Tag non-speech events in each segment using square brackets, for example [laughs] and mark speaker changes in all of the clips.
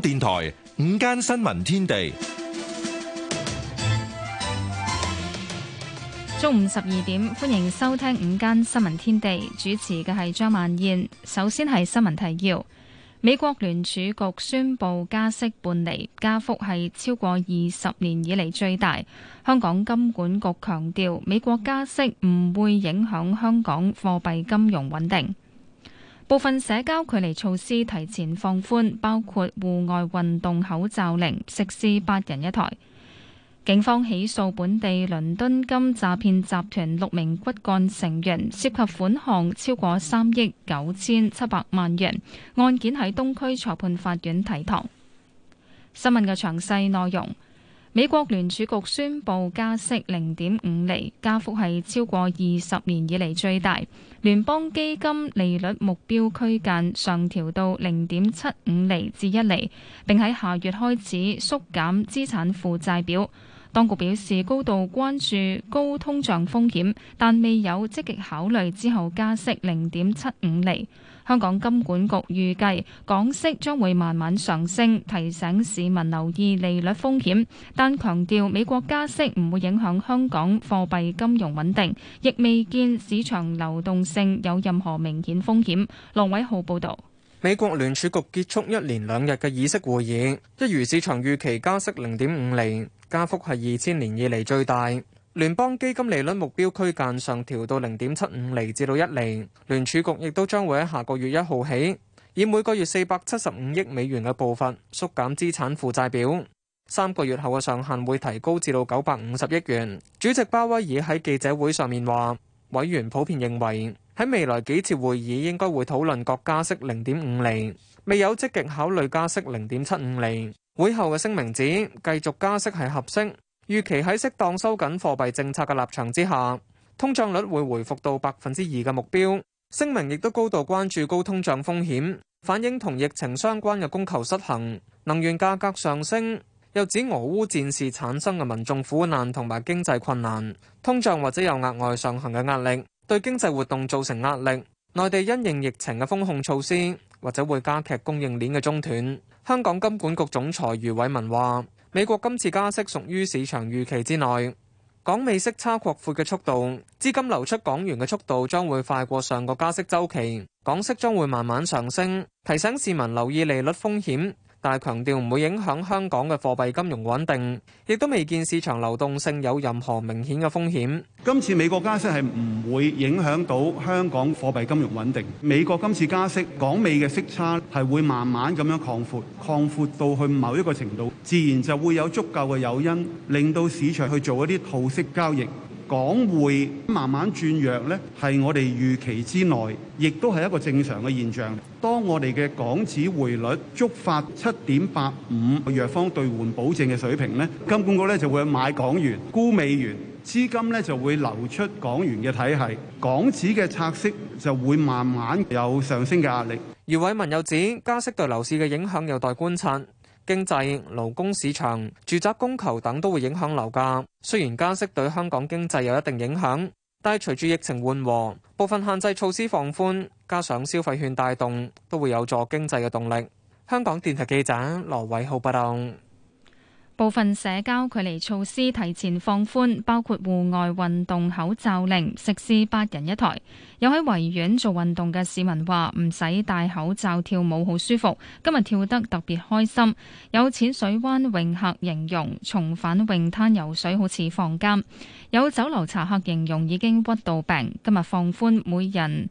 Speaker 1: 電台午間新聞天地，
Speaker 2: 中午十二點，歡迎收聽午間新聞天地，主持嘅係張曼燕。首先係新聞提要：美國聯儲局宣布加息半厘，加幅係超過二十年以嚟最大。香港金管局強調，美國加息唔會影響香港貨幣金融穩定。部分社交距離措施提前放寬，包括戶外運動口罩令、食肆八人一台。警方起訴本地倫敦金詐騙集團六名骨幹成員，涉及款項超過三億九千七百萬元，案件喺東區裁判法院提堂。新聞嘅詳細內容。美國聯儲局宣布加息零點五厘，加幅係超過二十年以嚟最大。聯邦基金利率目標區間上調到零點七五厘至一厘，並喺下月開始縮減資產負債表。當局表示高度關注高通脹風險，但未有積極考慮之後加息零點七五厘。香港金管局預計港息將會慢慢上升，提醒市民留意利率風險，但強調美國加息唔會影響香港貨幣金融穩定，亦未見市場流動性有任何明顯風險。羅偉浩報道。
Speaker 3: 美國聯儲局結束一連兩日嘅議息會議，一如市場預期加息0.5厘，加幅是2000年以嚟最大聯邦基金利率目標區間上調到零點七五厘至到一厘。聯儲局亦都將會喺下個月一號起，以每個月四百七十五億美元嘅步伐縮減資產負債表。三個月後嘅上限會提高至到九百五十億元。主席鮑威爾喺記者會上面話：委員普遍認為喺未來幾次會議應該會討論各加息零點五厘。未有積極考慮加息零點七五厘。會後嘅聲明指，繼續加息係合適。預期喺適當收緊貨幣政策嘅立場之下，通脹率會回復到百分之二嘅目標。聲明亦都高度關注高通脹風險，反映同疫情相關嘅供求失衡、能源價格上升，又指俄烏戰事產生嘅民眾苦難同埋經濟困難，通脹或者有額外上行嘅壓力，對經濟活動造成壓力。內地因應疫情嘅封控措施，或者會加劇供應鏈嘅中斷。香港金管局總裁余偉文話。美國今次加息屬於市場預期之內，港美息差擴闊嘅速度、資金流出港元嘅速度將會快過上個加息週期，港息將會慢慢上升，提醒市民留意利率風險。但係強調唔會影響香港嘅貨幣金融穩定，亦都未見市場流動性有任何明顯嘅風險。今次美國加息係唔會影響到香港貨幣金融穩定。美國今次加息，港美
Speaker 4: 嘅息差係會慢慢咁樣擴闊，擴闊到去某一個程度，自然就會有足夠嘅誘因，令到市場去做一啲套息交易。港匯慢慢轉弱呢，係我哋預期之內，亦都係一個正常嘅現象。當我哋嘅港紙匯率觸發七點八五弱方兌換保證嘅水平呢，金管局咧就會買港元沽美元，資金呢就會流出港
Speaker 3: 元嘅體系，港紙嘅拆息就會慢慢有上升嘅壓力。余偉文又指，加息對樓市嘅影響有待觀察。經濟、勞工市場、住宅供求等都會影響樓價。雖然加息對香港經濟有一定影響，但係隨住疫情緩和、部分限制措施放寬，加上消費券帶動，都會有助經濟嘅動力。香港電台記者羅偉浩報道。
Speaker 2: 部分社交距離措施提前放寬，包括戶外運動口罩令、食肆八人一台。有喺維園做運動嘅市民話：唔使戴口罩跳舞好舒服，今日跳得特別開心。有淺水灣泳客形容重返泳灘游水好似放監。有酒樓茶客形容已經屈到病，今日放寬每人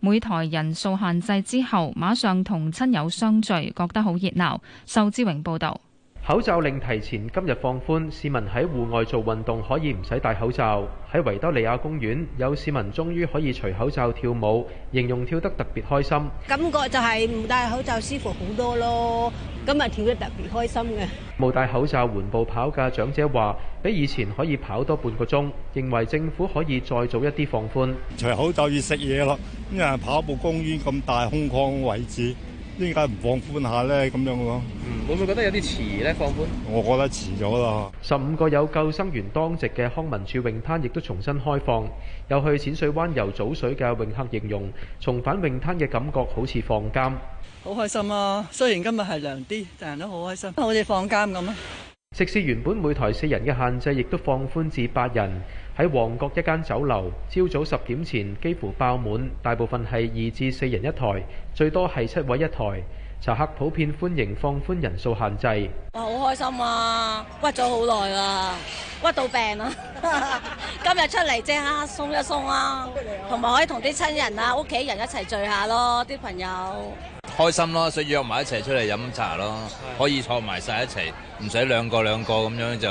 Speaker 2: 每台人數限制之後，馬上同親友相聚，覺得好熱鬧。仇之榮報導。
Speaker 5: 口罩令提前今日放寬，市民喺戶外做運動可以唔使戴口罩。喺維多利亞公園，有市民終於可以除口罩跳舞，形容跳得特別開心。
Speaker 6: 感覺就係唔戴口罩舒服好多咯，今日跳得特別開心嘅。
Speaker 5: 冇戴口罩緩步跑嘅長者話，比以前可以跑多半個鐘，認為政府可以再早
Speaker 4: 一啲放寬。除口罩要食嘢咯，因為跑步公園咁大空曠位置。點解唔放寬下呢？咁樣咯，
Speaker 5: 會唔會覺得有啲遲呢？放寬，我覺得遲咗啦。十五個有救生員當值嘅康文署泳灘亦都重新開放，有去淺水灣游早水嘅泳客形容重返泳灘嘅感覺好似放監，
Speaker 7: 好開心啊！雖然今日係涼啲，但人都好開心，好似放監咁啊！
Speaker 5: 食肆原本每台四人嘅限制，亦都放寬至八人。喺旺角一間酒樓，朝早十點前幾乎爆滿，大部分係二至四人一台，最多係七位一台。茶客普遍歡迎放寬人數限制。
Speaker 6: 哇！好開心啊，屈咗好耐啦，屈到病啊。 [laughs] 今日出嚟即刻鬆一鬆啊，同埋可以同啲親人啊、屋企人一齊聚下咯，啲朋友。
Speaker 7: 開心咯，所以約埋一齊出嚟飲茶咯，可以坐埋晒一齊，唔使兩個兩個咁樣就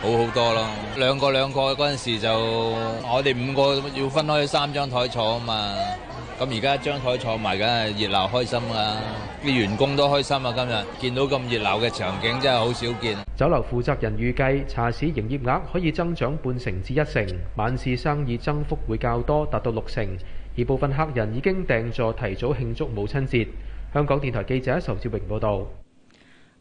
Speaker 7: 好好多咯。兩個兩個嗰陣時就我哋五個要分開三張台坐啊嘛，咁而家一張台坐埋，梗係熱鬧開心啦！啲員工都開心啊，今日見到咁熱鬧嘅場景真係好少見。
Speaker 5: 酒樓負責人預計茶市營業額可以增長半成至一成，晚市生意增幅會較多，達到六成，而部分客人已經訂座提早慶祝母親節。香港電台記者仇志榮報道，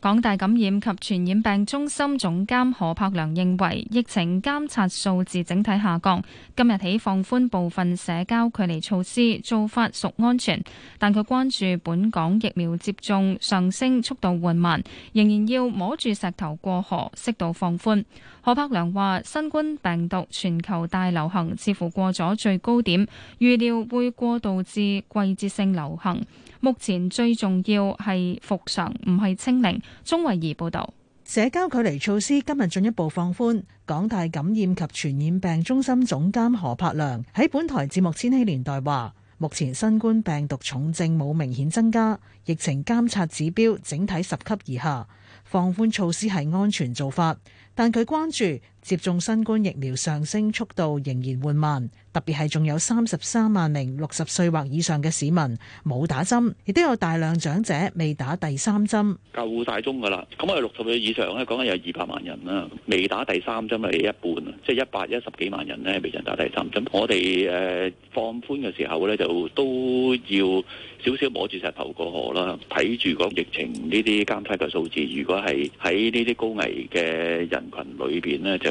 Speaker 2: 港大感染及傳染病中心總監何柏良認為，疫情監察數字整體下降，今日起放寬部分社交距離措施，做法屬安全。但佢關注本港疫苗接種上升速度緩慢，仍然要摸住石頭過河，適度放寬。何柏良話：新冠病毒全球大流行似乎過咗最高點，預料會過渡至季節性流行。目前最重要係復常，唔係清零。
Speaker 8: 鍾維儀報導，社交距離措施今日進一步放寬。港大感染及傳染病中心總監何柏良喺本台節目《千禧年代》話：目前新冠病毒重症冇明顯增加，疫情監察指標整體十級以下，放寬措施係安全做法。但佢關注。接種新冠疫苗上升速度仍然緩慢，特別係仲有三十三萬零六十歲或以上嘅市民冇打針，亦都有大量長者未打第三針。
Speaker 7: 夠曬鐘㗎啦，咁我哋六十歲以上咧講緊有二百萬人啦，未打第三針係一半啊，即係一百一十幾萬人咧未曾打第三針。咁我哋誒放寬嘅時候咧，就都要少少摸住石頭過河啦，睇住個疫情呢啲監測嘅數字，如果係喺呢啲高危嘅人群裏邊咧就。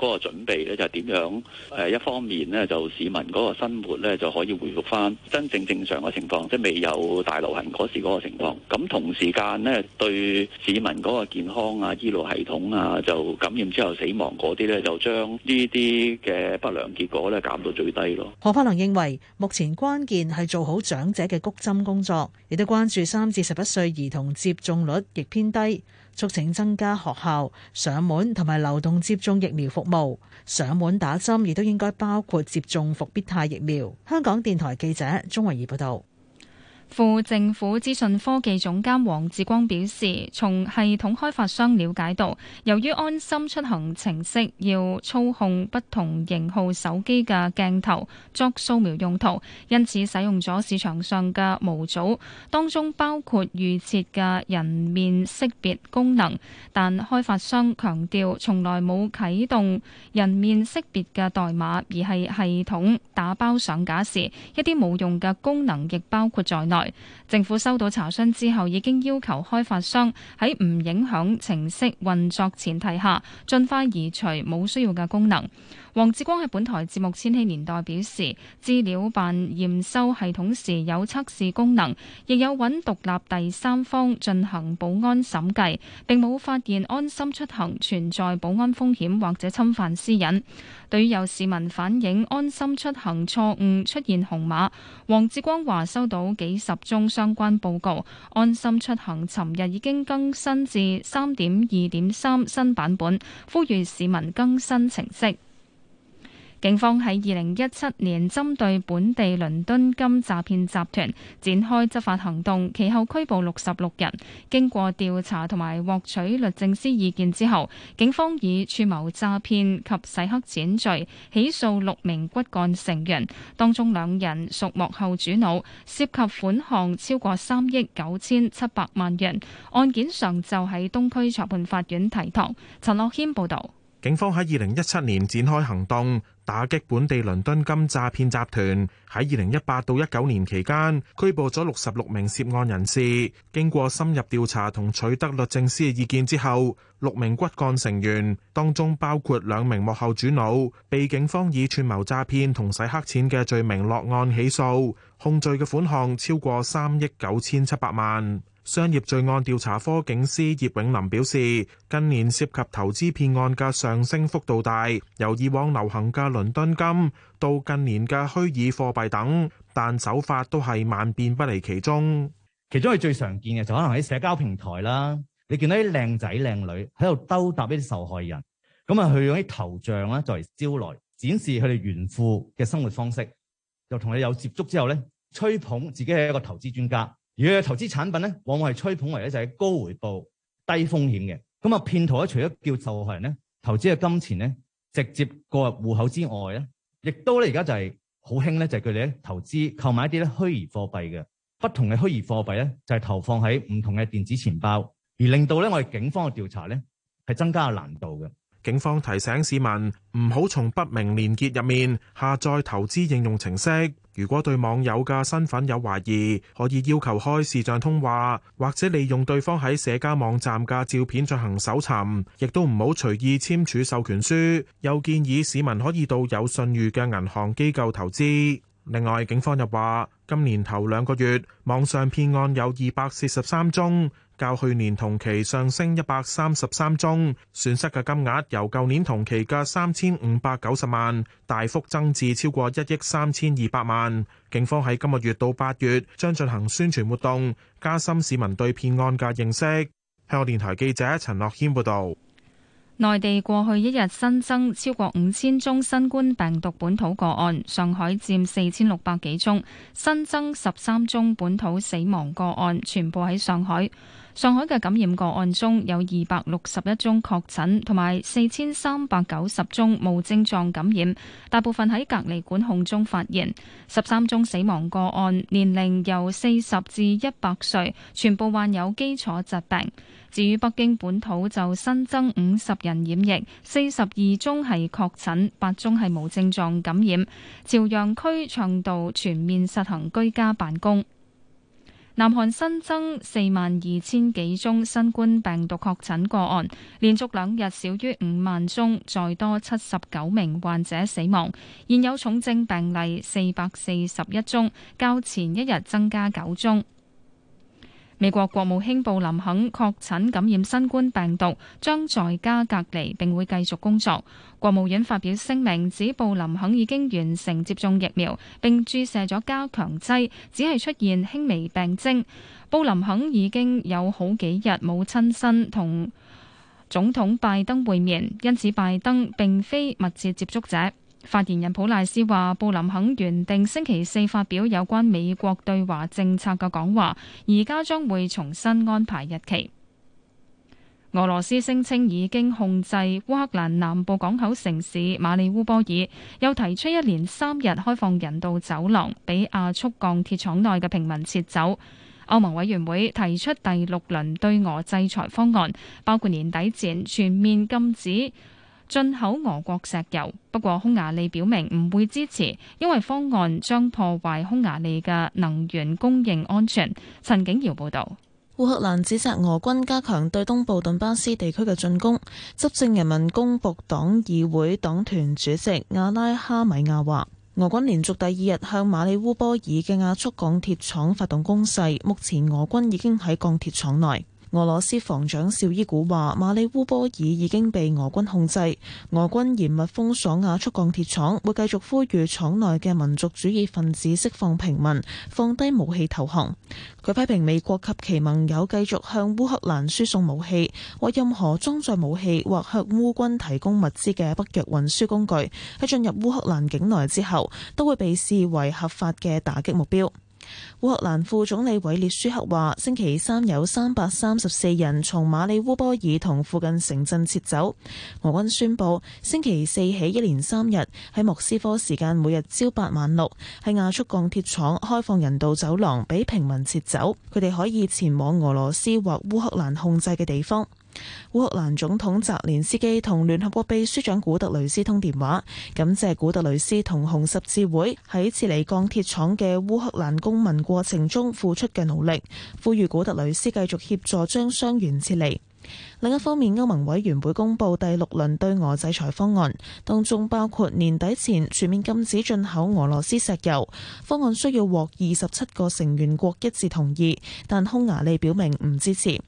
Speaker 7: 嗰個準備咧就係點樣？誒一方面咧就市民嗰個生活咧就可以回復翻真正正常嘅情況，即係未有大流行嗰時嗰個情況。咁同時間咧對市民嗰個健康啊、醫療系統啊，就感染之後死亡嗰啲咧，就將呢啲嘅不良結果咧減到最低咯。
Speaker 8: 何柏良認為目前關鍵係做好長者嘅谷針工作，亦都關注三至十一歲兒童接種率亦偏低。促請增加學校上門同埋流動接種疫苗服務，上門打針亦都應該包括接種復必泰疫苗。香港電台記者鍾慧儀報道。
Speaker 2: 副政府資訊科技總監黃志光表示，從系統開發商了解到，由於安心出行程式要操控不同型號手機嘅鏡頭作掃描用途，因此使用咗市場上嘅模組，當中包括預設嘅人面識別功能。但開發商強調從來冇啟動人面識別嘅代碼，而係系統打包上架時，一啲冇用嘅功能亦包括在內。政府收到查詢之後，已經要求開發商喺唔影響程式運作前提下，盡快移除冇需要嘅功能。黃志光喺本台節目《千禧年代》表示，資料辦驗收系統時有測試功能，亦有揾獨立第三方進行保安審計，並冇發現安心出行存在保安風險或者侵犯私隱。對於有市民反映安心出行錯誤出現紅碼，黃志光話收到幾十宗相關報告。安心出行尋日已經更新至三點二點三新版本，呼籲市民更新程式。警方喺二零一七年針對本地倫敦金詐騙集團展開執法行動，其後拘捕六十六人。經過調查同埋獲取律政司意見之後，警方以串謀詐騙及洗黑錢罪起訴六名骨幹成員，當中兩人屬幕後主腦，涉及款項超過三億九千七百萬元。案件上就喺東區裁判法院提堂。陳樂軒報導。
Speaker 1: 警方喺二零一七年展開行動。打擊本地倫敦金詐騙集團喺二零一八到一九年期間拘捕咗六十六名涉案人士。經過深入調查同取得律政司嘅意見之後，六名骨幹成員當中包括兩名幕後主腦，被警方以串謀詐騙同洗黑錢嘅罪名落案起訴，控罪嘅款項超過三億九千七百萬。商業罪案調查科警司葉永林表示，近年涉及投資騙案嘅上升幅度大，由以往流行嘅倫敦金，到近年嘅虛擬貨幣等，但手法都係萬變不離其宗。其中係最常見嘅就可能喺社交平台啦，你見到啲靚仔靚女喺度兜搭啲受害人，
Speaker 7: 咁啊佢用啲頭像咧作為招來，展示佢哋炫富嘅生活方式，又同你有接觸之後咧，吹捧自己係一個投資專家。而嘅投資產品咧，往往係吹捧為咧就係高回報、低風險嘅。咁啊，騙徒咧除咗叫受害人咧投資嘅金錢咧直接過入戶口之外咧，亦都咧而家就係好興咧就係佢哋咧投資購買一啲咧虛擬貨幣嘅，不同嘅虛擬貨幣咧就係投放喺
Speaker 1: 唔同嘅電子錢包，而令到咧我哋警方嘅調查咧係增加個難度嘅。警方提醒市民唔好從不明連結入面下載投資應用程式。如果對網友嘅身份有懷疑，可以要求開視像通話，或者利用對方喺社交網站嘅照片進行搜尋，亦都唔好隨意簽署授權書。又建議市民可以到有信譽嘅銀行機構投資。另外，警方又話，今年頭兩個月網上騙案有二百四十三宗。較去年同期上升一百三十三宗，損失嘅金額由舊年同期嘅三千五百九十萬大幅增至超過一億三千二百萬。警方喺今個月到八月將進行宣傳活動，加深市民對騙案嘅認識。香港電台記者陳樂謙報道。
Speaker 2: 內地過去一日新增超過五千宗新冠病毒本土個案，上海佔四千六百幾宗，新增十三宗本土死亡個案，全部喺上海。上海嘅感染個案中有二百六十一宗確診，同埋四千三百九十宗無症狀感染，大部分喺隔離管控中發現。十三宗死亡個案，年齡由四十至一百歲，全部患有基礎疾病。至於北京本土就新增五十人染疫，四十二宗係確診，八宗係無症狀感染。朝陽區倡導全面實行居家辦公。南韓新增四萬二千幾宗新冠病毒確診個案，連續兩日少於五萬宗，再多七十九名患者死亡，現有重症病例四百四十一宗，較前一日增加九宗。美國國務卿布林肯確診感染新冠病毒，將在家隔離，並會繼續工作。國務院發表聲明，指布林肯已經完成接種疫苗，並注射咗加強劑，只係出現輕微病徵。布林肯已經有好幾日冇親身同總統拜登會面，因此拜登並非密切接觸者。發言人普賴斯話：布林肯原定星期四發表有關美國對華政策嘅講話，而家將會重新安排日期。俄羅斯聲稱已經控制烏克蘭南部港口城市馬里烏波爾，又提出一連三日開放人道走廊，俾亞速鋼鐵廠內嘅平民撤走。歐盟委員會提出第六輪對俄制裁方案，包括年底前全面禁止。進口俄國石油，不過匈牙利表明唔會支持，因為方案將破壞匈牙利嘅能源供應安全。陳景瑤報道，
Speaker 9: 烏克蘭指責俄軍加強對東部頓巴斯地區嘅進攻。執政人民公僕黨議會黨團主席亞拉哈米亞話：俄軍連續第二日向馬里烏波爾嘅亞速鋼鐵廠發動攻勢，目前俄軍已經喺鋼鐵廠內。俄羅斯防長邵伊古話：馬里烏波爾已經被俄軍控制，俄軍嚴密封鎖亞速鋼鐵廠，會繼續呼籲廠內嘅民族主義分子釋放平民，放低武器投降。佢批評美國及其盟友繼續向烏克蘭輸送武器，或任何裝載武器或向烏軍提供物資嘅北約運輸工具，喺進入烏克蘭境內之後，都會被視為合法嘅打擊目標。烏克蘭副總理韋列舒克話：星期三有三百三十四人從馬里烏波爾同附近城鎮撤走。俄軍宣佈星期四起一連三日喺莫斯科時間每日朝八晚六喺亞速鋼鐵廠開放人道走廊，俾平民撤走，佢哋可以前往俄羅斯或烏克蘭控制嘅地方。烏克蘭總統澤連斯基同聯合國秘書長古特雷斯通電話，感謝古特雷斯同紅十字會喺撤離鋼鐵廠嘅烏克蘭公民過程中付出嘅努力，呼籲古特雷斯繼續協助將傷員撤離。另一方面，歐盟委員會公佈第六輪對俄制裁方案，當中包括年底前全面禁止進口俄羅斯石油。方案需要獲二十七個成員國一致同意，但匈牙利表明唔支持。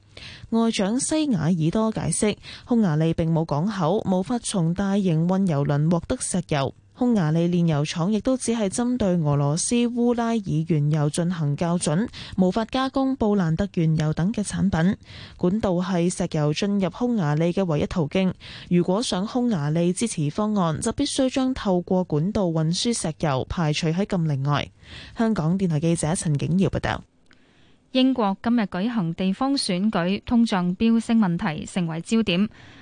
Speaker 9: 外長西雅爾多解釋，匈牙利並冇港口，無法從大型運油輪獲得石油。匈牙利煉油廠亦都只係針對俄羅斯烏拉爾原油進行校準，無法加工布蘭德原油等嘅產品。管道係石油進入匈牙利嘅唯一途徑。如果想匈牙利支持方案，就必須將透過管道運輸石油排除喺禁令外。香港電台記者陳景瑤報道。
Speaker 2: 英國今日舉行地方選舉，通脹飆升問題成為焦點。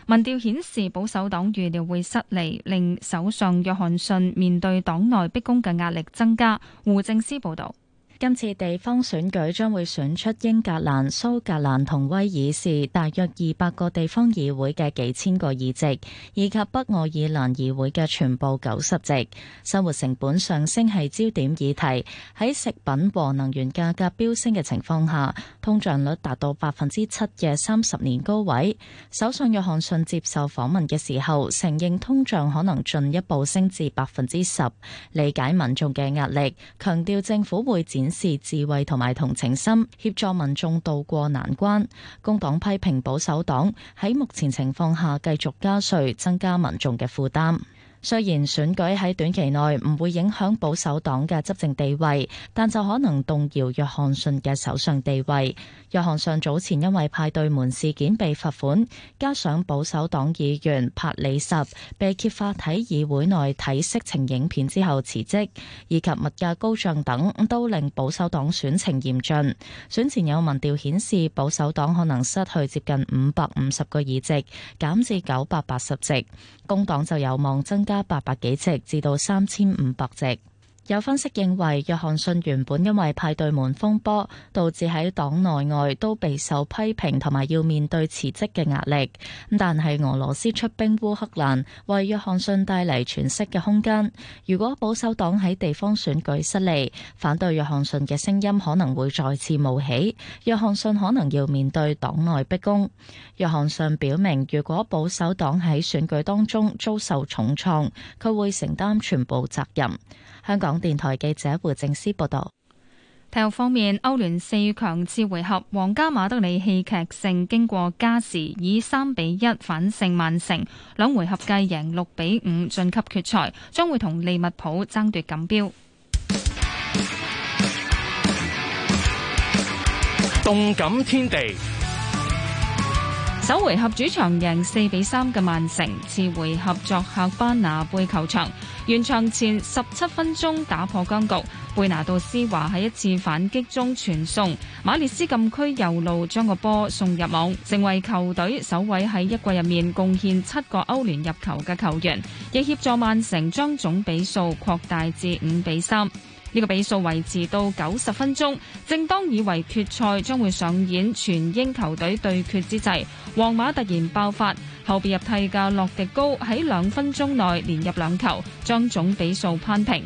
Speaker 2: 民調顯示保守黨預料會失利，令首相約翰遜面對黨內逼宮嘅壓力增加。胡政司報道。
Speaker 6: 今次地方選舉將會選出英格蘭、蘇格蘭同威爾士大約二百個地方議會嘅幾千個議席，以及北愛爾蘭議會嘅全部九十席。生活成本上升係焦點議題。喺食品和能源價格飆升嘅情況下通，通脹率達到百分之七嘅三十年高位。首相約翰遜接受訪問嘅時候，承認通脹可能進一步升至百分之十，理解民眾嘅壓力，強調政府會展。是智慧同埋同情心，協助民眾渡過難關。工黨批評保守黨喺目前情況下繼續加稅，增加民眾嘅負擔。雖然選舉喺短期內唔會影響保守黨嘅執政地位，但就可能動搖約翰遜嘅首相地位。約翰遜早前因為派對門事件被罰款，加上保守黨議員帕里什被揭發喺議會內睇色情影片之後辭職，以及物價高漲等，都令保守黨選情嚴峻。選前有民調顯示保守黨可能失去接近五百五十個議席，減至九百八十席，工黨就有望增加八百幾席，至到三千五百席。有分析認為，約翰遜原本因為派對門風波，導致喺黨內外都備受批評，同埋要面對辭職嘅壓力。但係俄羅斯出兵烏克蘭，為約翰遜帶嚟喘息嘅空間。如果保守黨喺地方選舉失利，反對約翰遜嘅聲音可能會再次冒起，約翰遜可能要面對黨內逼宮。約翰遜表明，如果保守黨喺選舉當中遭受重創，佢會承擔全部責任。香港電台記者胡靜思報道。
Speaker 2: 體育方面，歐聯四強次回合，皇家馬德里戲劇性經過加時，以三比一反勝曼城，兩回合計贏六比五晉級決賽，將會同利物浦爭奪錦標。動感天地。首回合主場贏四比三嘅曼城，次回合作客班拿貝球場，完場前十七分鐘打破僵局。貝拿度斯華喺一次反擊中傳送，馬列斯禁區右路將個波送入網，成為球隊首位喺一季入面貢獻七個歐聯入球嘅球員，亦協助曼城將總比數擴大至五比三。呢個比數維持到九十分鐘，正當以為決賽將會上演全英球隊對決之際，皇馬突然爆發，後備入替嘅洛迪高喺兩分鐘內連入兩球，將總比數攀平。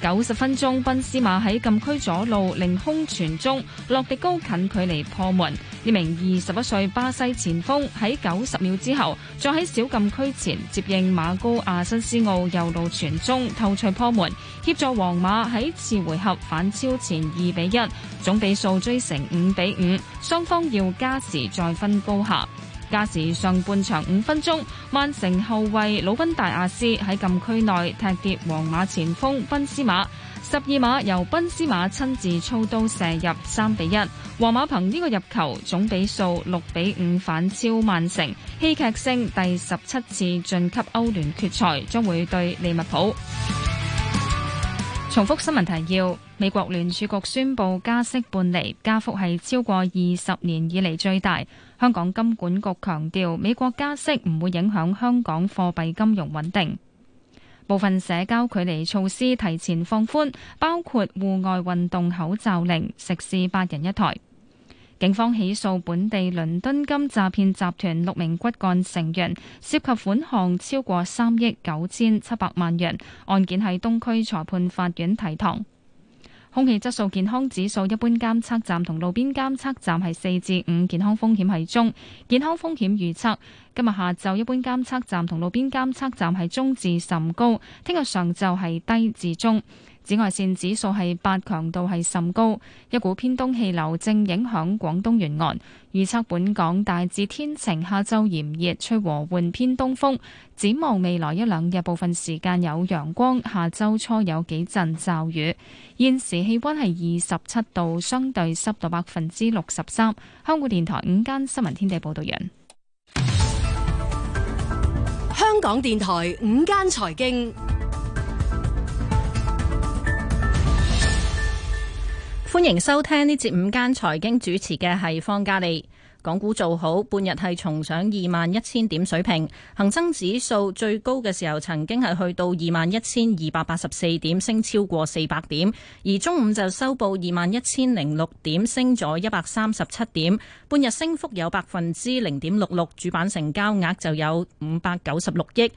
Speaker 2: 九十分鐘，賓斯馬喺禁區左路凌空傳中，落地高近距離破門。呢名二十一歲巴西前鋒喺九十秒之後，再喺小禁區前接應馬高亞辛斯奧右路傳中，透出破門，協助皇馬喺次回合反超前二比一，總比數追成五比五，雙方要加時再分高下。加時上半場五分鐘，曼城後衛魯賓大亞斯喺禁區內踢跌皇馬前鋒賓斯馬，十二碼由賓斯馬親自操刀射入三比一，皇馬憑呢個入球總比數六比五反超曼城，戲劇性第十七次晉級歐聯決賽，將會對利物浦。重複新聞提要：美國聯儲局宣布加息半釐，加幅係超過二十年以嚟最大。香港金管局強調，美國加息唔會影響香港貨幣金融穩定。部分社交距離措施提前放寬，包括戶外運動口罩令、食肆八人一台。警方起訴本地倫敦金詐騙集團六名骨幹成員，涉及款項超過三億九千七百萬元。案件喺東區裁判法院提堂。空氣質素健康指數一般監測站同路邊監測站係四至五，健康風險係中。健康風險預測今日下晝一般監測站同路邊監測站係中至甚高，聽日上晝係低至中。紫外線指數係八，強度係甚高。一股偏東氣流正影響廣東沿岸，預測本港大致天晴，下晝炎熱，吹和緩偏東風。展望未來一兩日部分時間有陽光，下周初有幾陣驟雨。現時氣溫係二十七度，相對濕度百分之六十三。香港電台午間新聞天地報道員。香港
Speaker 10: 電台午間財經。歡迎收聽呢節午間財經，主持嘅係方嘉利。港股做好半日，係重上二萬一千點水平，恒生指數最高嘅時候曾經係去到二萬一千二百八十四點，升超過四百點。而中午就收報二萬一千零六點，升咗一百三十七點，半日升幅有百分之零點六六，主板成交額就有五百九十六億。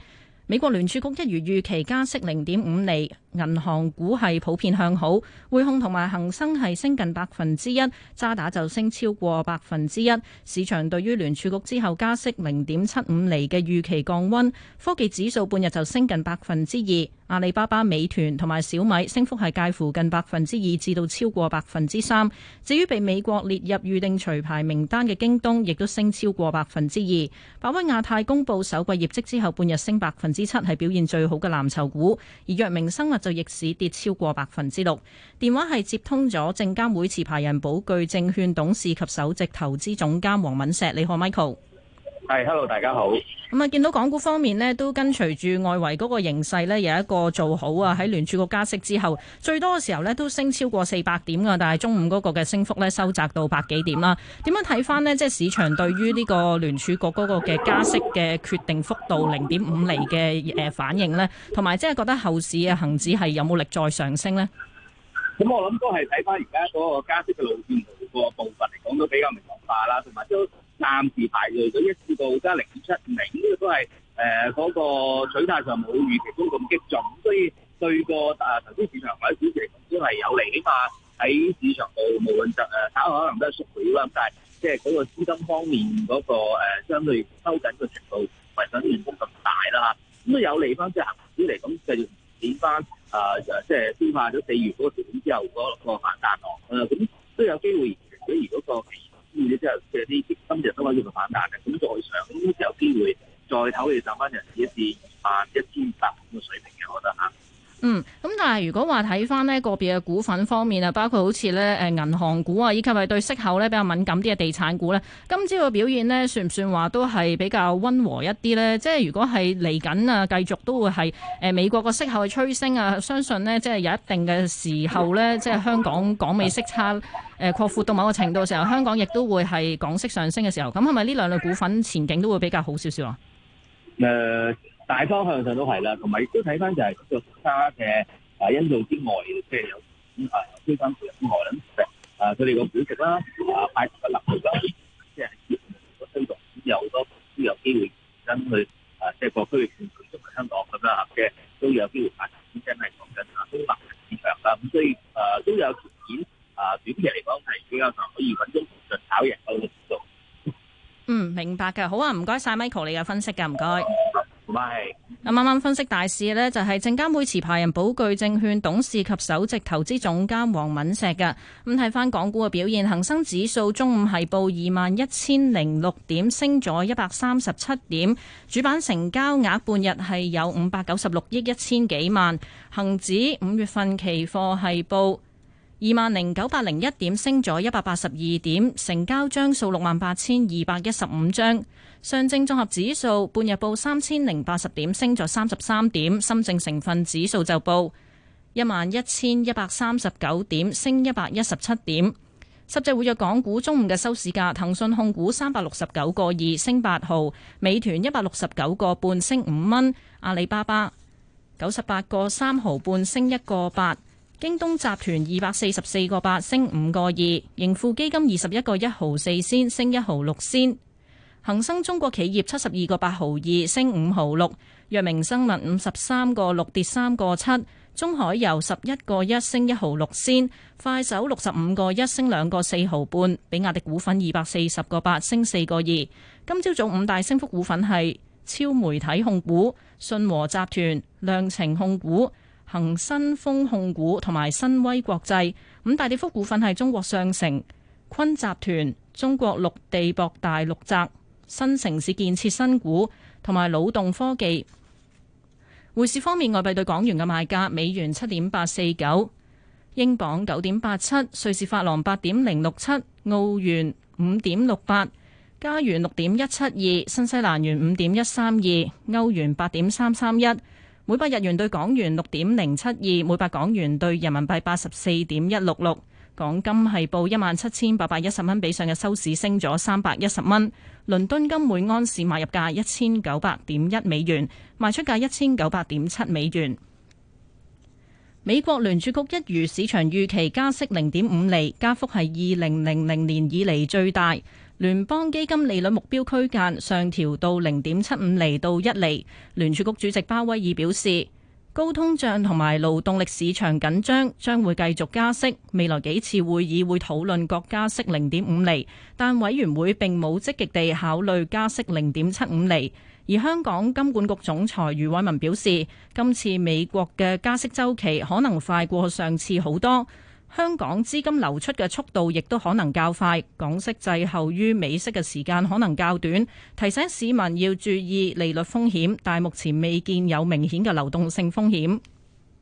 Speaker 10: 美國聯儲局一如預期加息零點五厘，銀行股係普遍向好，匯控同埋恒生係升近百分之一，渣打就升超過百分之一。市場對於聯儲局之後加息零點七五厘嘅預期降温，科技指數半日就升近百分之二。阿里巴巴、美團同埋小米升幅係介乎近百分之二至到超過百分之三。至於被美國列入預定除牌名單嘅京東，亦都升超過百分之二。百威亞太公布首季業績之後，半日升百分之七，係表現最好嘅藍籌股。而藥明生物就逆市跌超過百分之六。電話係接通咗證監會持牌人寶钜證券董事及首席投資總監黃敏石。你好，Michael。
Speaker 11: 係，hello，大
Speaker 10: 家好。咁啊、嗯，見到港股方面呢，都跟隨住外圍嗰個形勢呢，有一個做好啊。喺聯儲局加息之後，最多嘅時候呢，都升超過四百點㗎，但係中午嗰個嘅升幅呢，收窄到百幾點啦。點樣睇返呢？即係市場對於呢個聯儲局嗰個嘅加息嘅決定幅度零點五厘嘅誒反應呢，同埋即係覺得後市嘅恒指係有冇力再上升呢？
Speaker 11: 咁、嗯、我諗都係睇返而家嗰個加息嘅路線圖個部分嚟講都比較明朗化啦，同埋都。暫時排除咗一至到加零點七五，呢個都係誒嗰個取態上冇預期中咁激進，所以對個啊投資市場嗰啲表現都係有利，起碼喺市場度無論啊，稍可能都係縮表啦，但係即係嗰個資金方面嗰個誒相對收緊嘅程度唔係想原先咁大啦嚇，咁都有利翻即係行市嚟講繼續展翻啊誒，即係消化咗四月嗰個調整之後嗰個反彈咯，誒咁都有機會。今日收尾要唔反彈嘅，咁再上咁都有機會再考慮站翻人一次。 [music]
Speaker 10: 如果話睇翻呢個別嘅股份方面啊，包括好似呢誒銀行股啊，以及係對息口呢比較敏感啲嘅地產股呢，今朝嘅表現呢算唔算話都係比較温和一啲呢？即係如果係嚟緊啊，繼續都會係誒美國個息口嘅催升啊，相信呢，即係有一定嘅時候呢，即係香港港美息差誒擴闊到某個程度嘅時候，香港亦都會係港息上升嘅時候。咁係咪呢兩類股份前景都會比較好少少啊？誒、
Speaker 11: 呃，大方向上都係啦，同埋都睇翻就係息差嘅。啊，因素之外，即係有咁啊，推升住之外啦，啊，佢哋個表值啦，啊，快速嘅流入啦，即係接住個推動，咁有好多投資有機會跟去啊，即係個區域串聯，包括香港咁啦嚇，即係都有機會發展，真係講緊啊，東南嘅市場啊，咁所以啊，都有條件啊，短期嚟講係比較上可以穩中尋找嘅機會做。嗯，
Speaker 10: 明白嘅，好啊，唔該晒 Michael 你嘅分析嘅，唔該，唔係。咁啱啱分析大市呢就係證監會持牌人保具證券董事及首席投資總監黃敏石嘅。咁睇翻港股嘅表現，恒生指數中午係報二萬一千零六點，升咗一百三十七點，主板成交額半日係有五百九十六億一千幾萬，恒指五月份期貨係報。二萬零九百零一點升咗一百八十二點，成交張數六萬八千二百一十五張。上證綜合指數半日報三千零八十點，升咗三十三點。深證成分指數就報一萬一千一百三十九點，升一百一十七點。十隻活躍港股中午嘅收市價，騰訊控股三百六十九個二升八毫，美團一百六十九個半升五蚊，阿里巴巴九十八個三毫半升一個八。京東集團二百四十四個八升五個二，盈富基金二十一個一毫四仙升一毫六仙，恒生中國企業七十二個八毫二升五毫六，藥明生物五十三個六跌三個七，中海油十一個一升一毫六仙，快手六十五個一升兩個四毫半，比亞迪股份二百四十個八升四個二。今朝早五大升幅股份係超媒體控股、信和集團、量程控股。恒新豐控股同埋新威國際，五大跌幅股份係中國上城、坤集團、中國陸地、博大、陸宅、新城市建設、新股同埋腦動科技。匯市方面，外幣對港元嘅賣價：美元七點八四九，英鎊九點八七，瑞士法郎八點零六七，澳元五點六八，加元六點一七二，新西蘭元五點一三二，歐元八點三三一。每百日元對港元六點零七二，每百港元對人民幣八十四點一六六。港金係報一萬七千八百一十蚊，比上日收市升咗三百一十蚊。倫敦金每安士買入價一千九百點一美元，賣出價一千九百點七美元。美國聯儲局一如市場預期加息零點五厘，加幅係二零零零年以嚟最大。聯邦基金利率目標區間上調到零點七五厘到一厘。聯儲局主席鮑威爾表示，高通脹同埋勞動力市場緊張將會繼續加息，未來幾次會議會討論各加息零點五厘，但委員會並冇積極地考慮加息零點七五厘。而香港金管局總裁余偉文表示，今次美國嘅加息週期可能快過上次好多。香港資金流出嘅速度亦都可能較快，港息滯後於美息嘅時間可能較短，提醒市民要注意利率風險，但目前未見有明顯嘅流動性風險。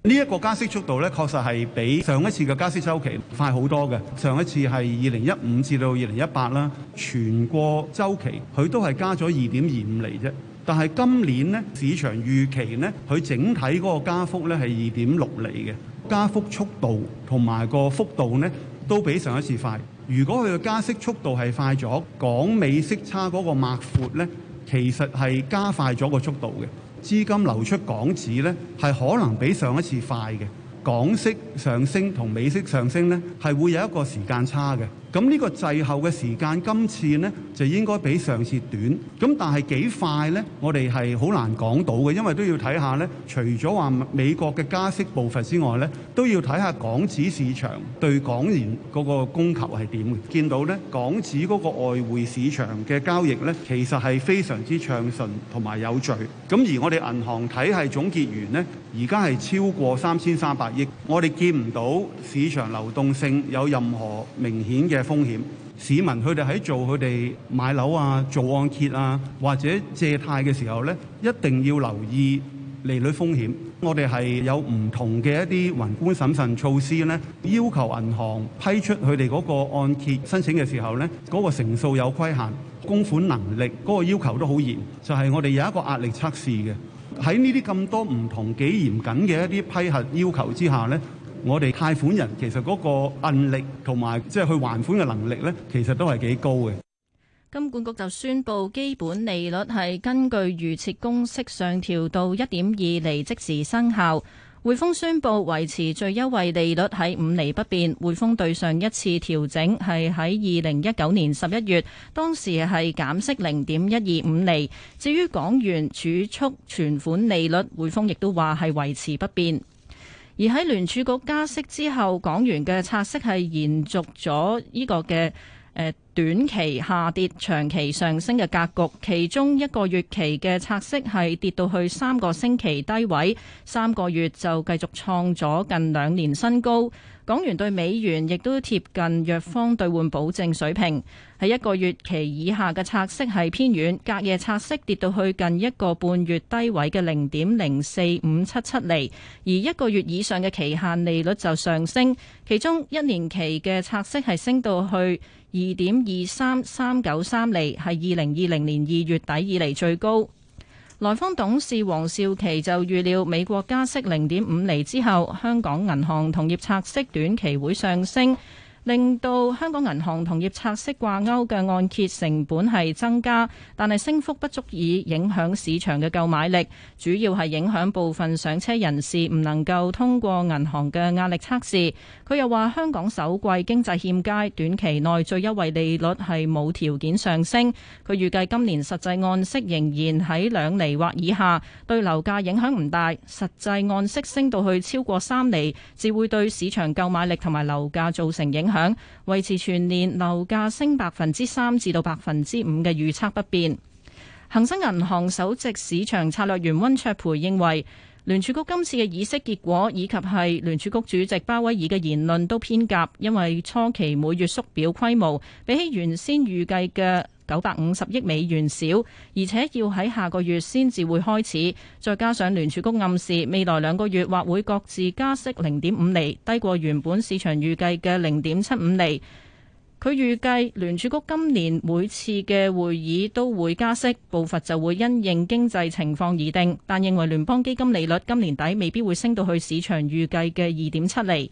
Speaker 4: 呢一個加息速度咧，確實係比上一次嘅加息週期快好多嘅。上一次係二零一五至到二零一八啦，全個週期佢都係加咗二點二五釐啫。但係今年咧，市場預期咧，佢整體嗰個加幅咧係二點六厘嘅，加幅速度同埋個幅度咧都比上一次快。如果佢嘅加息速度係快咗，港美息差嗰個脈闊咧，其實係加快咗個速度嘅，資金流出港紙咧係可能比上一次快嘅，港息上升同美息上升咧係會有一個時間差嘅。咁呢個滯後嘅時間今次咧就應該比上次短。咁但係幾快咧，我哋係好難講到嘅，因為都要睇下咧。除咗話美國嘅加息步伐之外咧，都要睇下港紙市場對港元嗰個供求係點嘅。見到咧，港紙嗰個外匯市場嘅交易咧，其實係非常之暢順同埋有序。咁而我哋銀行體系總結完咧，而家係超過三千三百億，我哋見唔到市場流動性有任何明顯嘅風險，市民佢哋喺做佢哋買樓啊、做按揭啊或者借貸嘅時候咧，一定要留意利率風險。我哋係有唔同嘅一啲宏觀審慎措施咧，要求銀行批出佢哋嗰個按揭申請嘅時候咧，嗰個成數有規限，供款能力嗰個要求都好嚴，就係我哋有一個壓力測試嘅。喺呢啲咁多唔同、幾嚴謹嘅一啲批核要求之下咧。我哋貸款人其實嗰個韌力同埋即係去還款嘅能力呢，其實都係幾高嘅。
Speaker 10: 金管局就宣布基本利率係根據預設公式上調到一點二厘，即時生效。匯豐宣布維持最優惠利率喺五厘不變。匯豐對上一次調整係喺二零一九年十一月，當時係減息零點一二五厘。至於港元儲蓄存款利率，匯豐亦都話係維持不變。而喺聯儲局加息之後，港元嘅拆息係延續咗呢個嘅誒短期下跌、長期上升嘅格局。其中一個月期嘅拆息係跌到去三個星期低位，三個月就繼續創咗近兩年新高。港元對美元亦都貼近弱方兌換保證水平，喺一個月期以下嘅拆息係偏遠，隔夜拆息跌到去近一個半月低位嘅零點零四五七七厘，而一個月以上嘅期限利率就上升，其中一年期嘅拆息係升到去二點二三三九三厘，係二零二零年二月底以嚟最高。來方董事黃少琪就預料，美國加息0.5厘之後，香港銀行同業拆息短期會上升。令到香港銀行同業拆息掛鈎嘅按揭成本係增加，但係升幅不足以影響市場嘅購買力，主要係影響部分上車人士唔能夠通過銀行嘅壓力測試。佢又話香港首季經濟欠佳，短期內最優惠利率係冇條件上升。佢預計今年實際按息仍然喺兩厘或以下，對樓價影響唔大。實際按息升到去超過三厘，至會對市場購買力同埋樓價造成影響。響維持全年樓價升百分之三至到百分之五嘅預測不變。恒生銀行首席市場策略員溫卓培認為，聯儲局今次嘅議息結果以及係聯儲局主席鮑威爾嘅言論都偏鴿，因為初期每月縮表規模比起原先預計嘅。九百五十億美元少，而且要喺下個月先至會開始。再加上聯儲局暗示未來兩個月或會各自加息零點五厘，低過原本市場預計嘅零點七五厘。佢預計聯儲局今年每次嘅會議都會加息，步伐就會因應經濟情況而定。但認為聯邦基金利率今年底未必會升到去市場預計嘅二點七厘。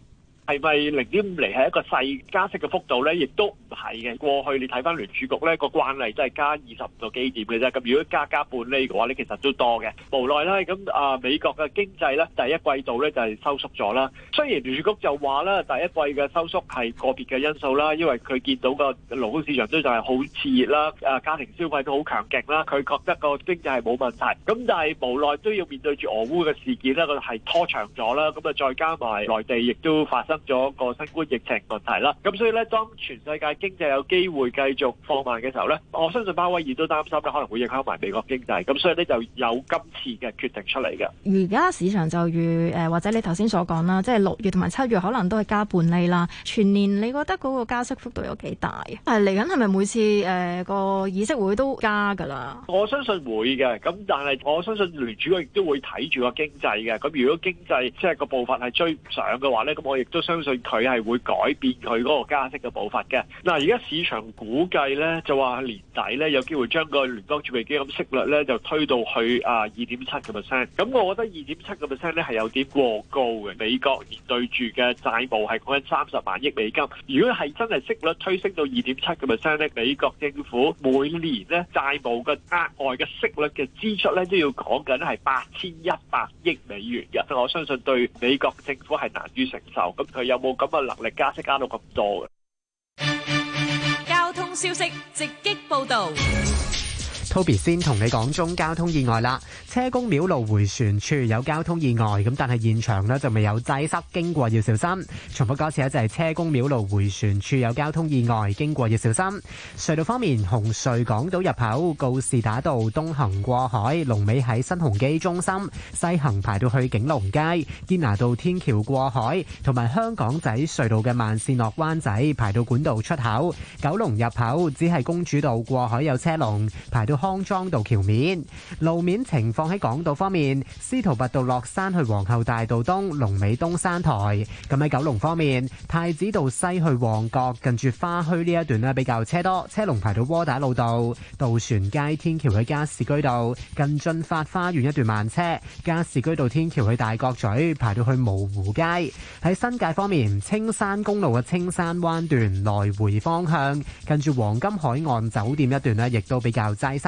Speaker 12: 係咪零點五厘係一個細加息嘅幅度呢？亦都唔係嘅。過去你睇翻聯儲局呢個慣例真係加二十五個基點嘅啫。咁如果加加半厘嘅話，呢其實都多嘅。無奈啦，咁啊美國嘅經濟呢，第一季度呢就係收縮咗啦。雖然聯儲局就話啦，第一季嘅收縮係個別嘅因素啦，因為佢見到個勞工市場都就係好熾熱啦，啊家庭消費都好強勁啦。佢覺得個經濟係冇問題。咁但係無奈都要面對住俄烏嘅事件呢，佢係拖長咗啦。咁啊再加埋內地亦都發生。咗個新冠疫情問題啦，咁所以咧，當全世界經濟有機會繼續放慢嘅時候咧，我相信鮑威爾都擔心咧，可能會影響埋美國經濟，咁所以呢，就有今次嘅決定出嚟
Speaker 10: 嘅。而家市場就預誒，或者你頭先所講啦，即係六月同埋七月可能都係加半釐啦。全年你覺得嗰個加息幅度有幾大啊？但係嚟緊係咪每次誒、呃嗰個議息會都加㗎啦？
Speaker 12: 我相信會嘅，咁但係我相信聯儲局亦都會睇住個經濟嘅。咁如果經濟即係個步伐係追唔上嘅話咧，咁我亦都相信佢係會改變佢嗰個加息嘅步伐嘅。嗱，而家市場估計咧，就話年底咧有機會將個聯邦儲備基金息率咧就推到去啊二點七嘅 percent。咁我覺得二點七嘅 percent 咧係有啲過高嘅。美國面對住嘅債務係講緊三十萬億美金。如果係真係息率推升到二點七嘅 percent 咧，美國政府每年咧債務嘅額外嘅息率嘅支出咧都要講緊係八千一百億美元嘅。我相信對美國政府係難於承受咁。佢有冇咁嘅能力加息加到咁多嘅？
Speaker 6: 交通消息直擊報導。
Speaker 13: Toby 先同你講中交通意外啦，車公廟路回旋處有交通意外，咁但係現場呢就未有擠塞，經過要小心。重複多一次，就係車公廟路回旋處有交通意外，經過要小心。隧道方面，紅隧港島入口告士打道東行過海，龍尾喺新鴻基中心；西行排到去景隆街，堅拿道天橋過海，同埋香港仔隧道嘅慢線落灣仔，排到管道出口。九龍入口只係公主道過海有車龍，排到。康莊道橋面路面情況，喺港島方面，司徒拔道落山去皇后大道東龍尾東山台。咁喺九龍方面，太子道西去旺角近住花墟呢一段呢比較車多，車龍排到窩打老道、渡船街天橋去加士居道、近駿發花園一段慢車，加士居道天橋去大角咀排到去蕪湖街。喺新界方面，青山公路嘅青山灣段來回方向，近住黃金海岸酒店一段呢亦都比較擠塞。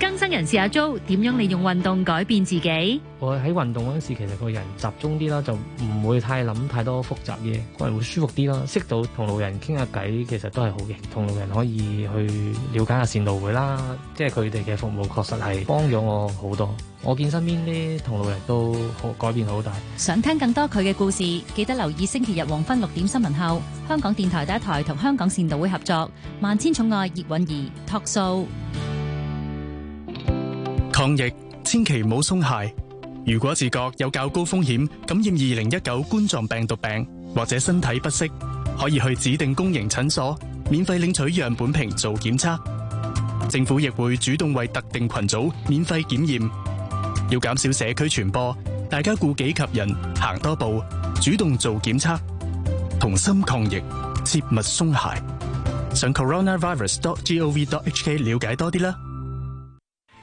Speaker 2: 更新人士阿 JO 點樣利用運動改變自己？
Speaker 3: 我喺運動嗰陣時，其實個人集中啲啦，就唔會太諗太多複雜嘢，個人會舒服啲咯。識到同路人傾下偈，其實都係好嘅。同路人可以去了解下善導會啦，即係佢哋嘅服務確實係幫咗我好多。我見身邊啲同路人都好改變好大。
Speaker 6: 想聽更多佢嘅故事，記得留意星期日黃昏六點新聞後，香港電台第一台同香港善導會合作《萬千寵愛葉韻儀》Talk Show。
Speaker 7: 抗疫千祈唔好鬆懈。如果自覺有較高風險感染2019冠狀病毒病，或者身體不適，可以去指定公營診所免費領取樣本瓶做檢測。政府亦會主動為特定群組免費檢驗。要減少社區傳播，大家顧己及人，行多步，主動做檢測，同心抗疫，切勿鬆懈。上 coronavirus.gov.hk 了解多啲啦。